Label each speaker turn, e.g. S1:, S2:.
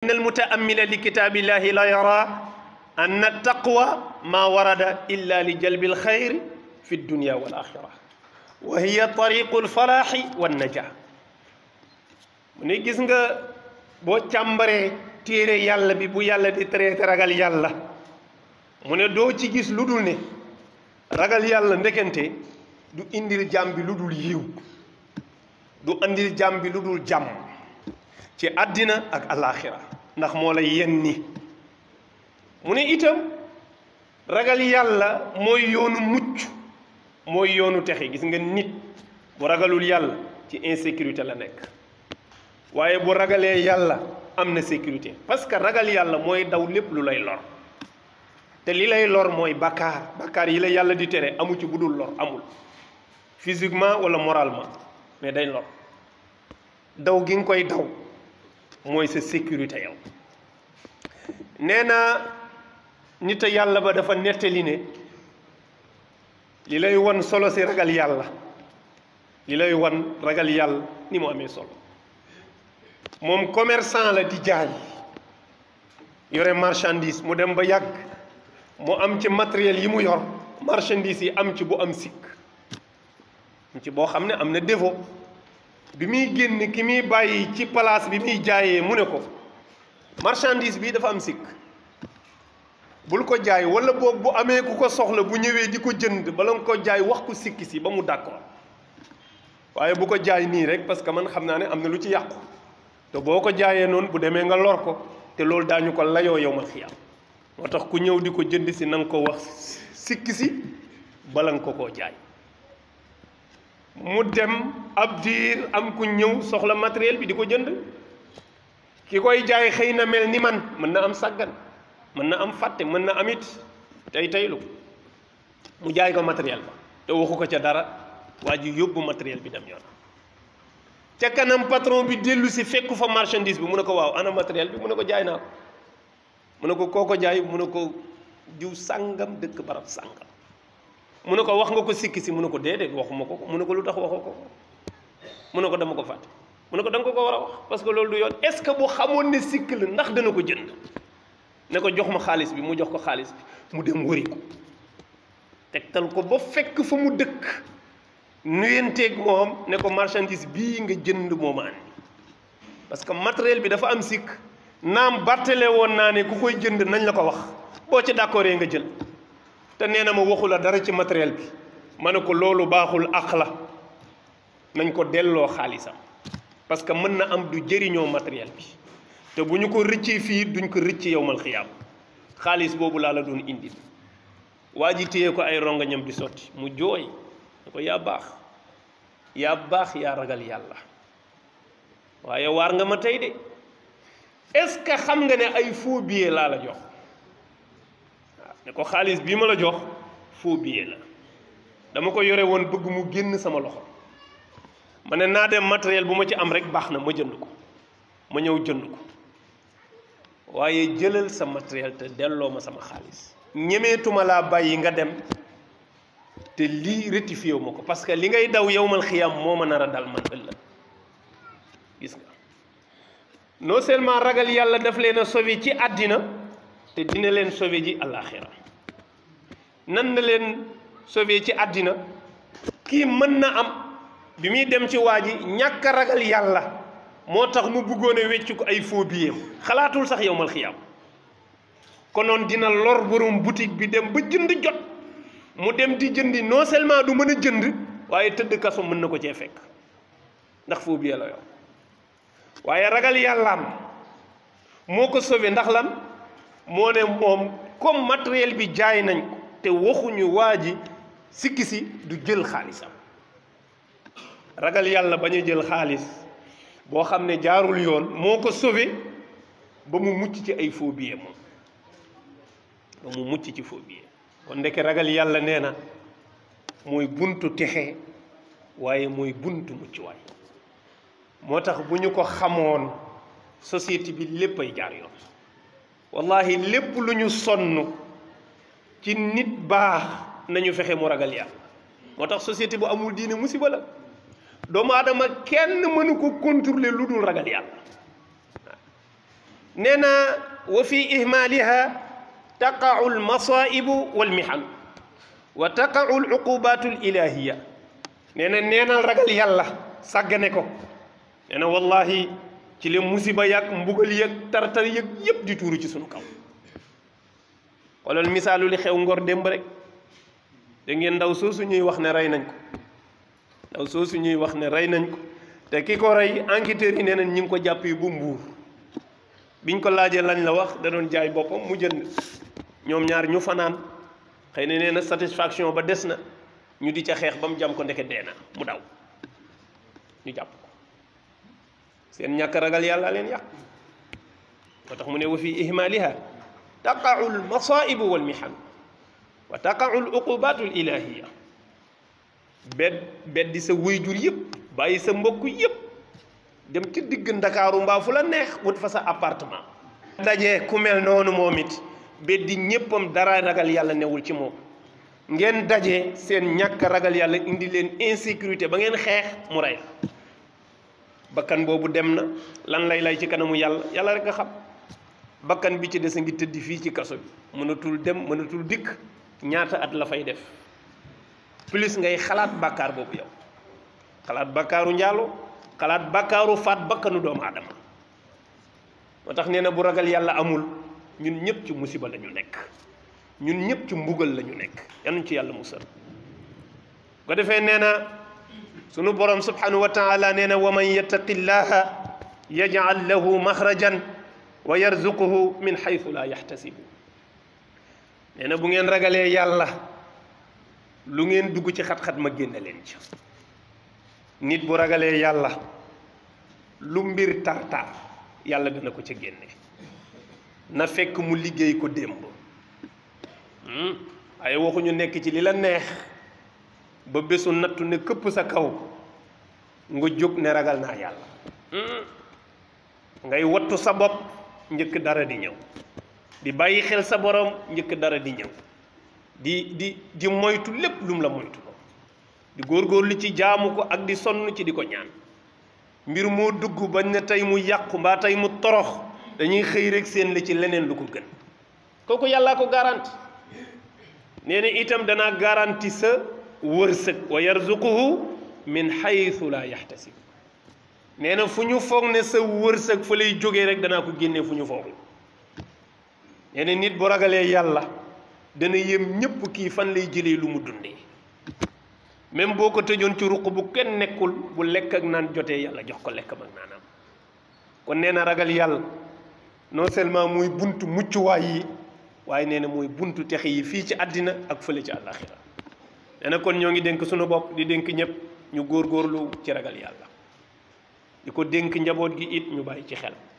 S1: إن المتأمل لكتاب الله لا يرى أن التقوى ما ورد إلا لجلب الخير في الدنيا والآخرة وهي طريق الفلاح والنجاح من جسنجا بو تامبري تيري يالا بي بو يالا دي تري تراغال يالا من دو تي جيس لودول ني راغال يالا نيكنتي دو انديل جامبي لودول ييو دو انديل جامبي لودول جام تي ادينا اك الاخره ndax moo la yenni mu ne itam ragal yàlla mooy yoonu mucc mooy yoonu texe gis nga nit bu ragalul yàlla ci insécurité la nekk waaye bu ragalee yàlla am na sécurité parce que ragal yàlla mooy daw lépp lu lay lor te li lay lor mooy bakkaar bakkaar yi la yàlla di tere amu ci bu dul lor amul physiquement wala moralement mais day lor daw gi nga koy daw mooy sa sécurité yow nee na nit yàlla ba dafa nettali ne li lay wan solo si ragal yàlla li lay wan ragal yàlla ni mu amee solo moom commerçant la di jaay yore marchandise mu dem ba yàgg mu am ci matériel yi mu yor marchandise yi am ci bu am sikk am ci boo xam ne am na défaut bi muy génn ki muy bàyyi ci palaas bi muy jaayee mu ne ko marchandise bii dafa am sikk bul ko jaay wala boog bu amee ku ko soxla bu ñëwee di ko jënd bala nga ko jaay wax ko sikki si ba mu d'accord waaye bu ko jaay nii rek parce que man xam naa ne am na lu ci yàqu te boo ko jaayee noonu bu demee nga lor ko te loolu daañu ko layoo yow ma xiyam moo tax ku ñëw di ko jënd si nanga nga ko wax sikki si bala nga ko koo jaay mu dem ab diir am ku ñëw soxla matériel bi di ko jënd ki koy jaay xëy na mel ni man mën na am sàggan mën na am fàtte mën na amit tay tey teylu mu jaay ko matériel ba te waxu ko ca dara waa yóbbu matériel bi dem yoon ca kanam patron bi dellu si fekku fa marchandise bi mu ne ko waaw ana matériel bi mu ne ko jaay naa ko mu ne ko koo jaay mu ne ko diw sàngam dëkk barab sàngam mu ne ko wax nga ko sikki si mu ne ko déedéet waxuma ko mu ne ko lu tax waxoo mu ne ko dama ko fàtte mu ne ko da nga ko ko war a wax parce que loolu du yoon est-ce que bu xamoon ne sikk la ndax dana ko jënd ne ko jox ma xaalis bi mu jox ko xaalis bi mu dem wëri ko tegtal ko ba fekk fa mu dëkk nuyenteeg moom ne ko marchandise bii nga jënd mooma andi parce que matériel bi dafa am sikk naam bàttale woon naa ne ku koy jënd nañ la ko wax boo ci d'accord nga jël te nee na ma waxu la dara ci matériel bi ma ne ko loolu baaxul àq la nañ ko delloo xaalisam parce que mën na am du jëriñoo matériel bi te bu ñu ko rëccee fii duñ ko rëcc yowmal xiyaam xaalis boobu laa la doon indi waa ji téye ko ay rongañam di sotti mu jooy ko yaa baax yaa baax yaa ragal yàlla waaye waar nga ma tey de est-ce que xam nga ne ay faux billets laa la jox waaw ne ko xaalis bii ma la jox faux billet la dama ko yore woon bëgg mu génn sama loxo ma ne naa dem matériel bu ma ci am rek baax na ma jënd ko ma ñëw jënd ko waaye jëlal sa matériel te delloo ma sama xaalis ñemeetuma laa bàyyi nga dem te lii rectifié wu ko parce que li ngay daw yowmal xiyam moo ma nar a dal man ëllëg gis nga non seulement ragal yàlla daf leen a sauvé ci àddina te dina leen sauvé ji àllaaxira nan na leen sauvé ci àddina kii mën na am bi muy dem ci waa ji ñàkk ragal yàlla moo tax mu bëggoon a wecc ko ay faux billets xalaatul sax yow mal xiyaam konoon dina lor borom boutique bi dem ba jënd jot mu dem di jënd non seulement du mën jënd waaye tëdd kaso mën na ko cee fekk ndax faux la yow waaye ragal yàllaam moo ko sauvé ndax lan moo ne moom comme matériel bi jaay nañ te waxuñu waa ji sikki si du jël xaalisam ragal yàlla ba ñu jël xaalis boo xam ne jaarul yoon moo ko sauvé ba mu mucc ci ay faux billets moom ba mu mucc ci faux billets kon ndeke ragal yàlla nee na mooy buntu texe waaye mooy buntu mucc waay moo tax bu ñu ko xamoon société bi lépp ay jaar yoon wallahi lépp lu ñu sonn ci nit baax nañu fexe mu ragal yàlla moo tax société bu amul diine musiba la doomu aadama kenn mënu ko contrôler lu ragal yàlla nee wa fi ihmalha taqa'u al-masa'ib wal-mihan wa taqa'u al-uqubat al-ilahiyya na neenal ragal yàlla sagane ko nee wallahi ci le musiba yak mbugal yak tartar yak yeb di tuuru ci sunu kaw xoolal misaalu li xew ngor démb rek da ngeen ndaw soosu ñuy wax ne ray nañ ko ndaw soosu ñuy wax ne rey nañ ko te ki ko rey enquêteurs yi nee nañ ñi ngi ko jàpp yi bu mbuur biñ ko laajee lañ la wax da doon jaay boppam mu jënd ñoom ñaar ñu fanaan xëy na nee na satisfaction ba des na ñu di ca xeex ba mu jam ko ndeke dee na mu daw ñu jàpp ko seen ñàkk ragal yàlla leen yàq moo tax mu ne wa fi ihmaaliha taqaul masaibu wal mihan wa taqaul uqubatul ilahiya bet beddi sa jur yëpp bàyyi sa mbokk yëpp dem ci digg ndakaaru mbaa fu la neex wut fa sa appartement dajee ku mel noonu moom it beddi ñëppam dara ragal yàlla newul ci moom ngeen daje seen ñàkk ragal yàlla indi leen insécurité ba ngeen xeex mu rey bakkan boobu dem na lan lay lay ci kanamu yàlla yàlla rek nga xam bakkan bi ci des a ngi tëdd fii ci kaso bi mënatul dem mënatul dikk ñaata at la fay def plus ngay xalaat bàkkaar boobu yow xalaat bàkkaaru njaalu xalaat bakkaaru faat bakkanu doomu aadama moo tax nee na bu ragal yàlla amul ñun ñëpp ci musiba la nekk ñun ñëpp ci mbugal la ñu nekk yanuñ ci yàlla musal ko defee nee na sunu borom subhanahu wa nee na wa man yattaqillaha yaj'al lahu maxrajan wa yarzuquhu min xaytu laa yaxtasibu nee bu ngeen ragalee yàlla lu ngeen dugg ci xat-xat ma génne leen ci nit bu ragalee yàlla lu mbir tar-tar yàlla dana ko ca génne na fekk mu liggéey ko démb hmm? waaye waxuñu nekk ci li la neex ba bésu nattu ne këpp sa kaw nga jóg ne ragal naa yàlla hmm? ngay wattu sa bopp njëkk dara di ñëw di bàyyi xel sa borom njëkk dara di ñëw di di di moytu lépp lum la moytu ko di góorgóorlu ci jaamu ko ak di sonn ci di ko ñaan mbir moo dugg ba ne tey mu yàqu mbaa tey mu torox dañuy xëy rek seen la ci leneen lu ko gën kooku yàllaa ko garanti nee na itam danaa garanti sa wërsëg wa yarzuquhu min xaytu laa yaxtasib nee na fu ñu foog ne sa wërsëg fa lay jógee rek danaa ko génnee fu ñu foog nee na nit bu ragalee yàlla dana yem ñëpp kii fan lay jëlee lu mu dundee même boo ko tëjoon ci ruq bu kenn nekkul bu lekk ak naan jotee yàlla jox ko lekk mag naanam kon nee na ragal yàlla non seulement muy buntu muccuwaay yi waaye nee na muy buntu tex yi fii ci àddina ak fële ci àllaaxira nee na kon ñoo ngi dénk sunu bopp di dénk ñëpp ñu góor góorlu ci ragal yàlla di ko dénk njaboot gi it ñu bàyyi ci xel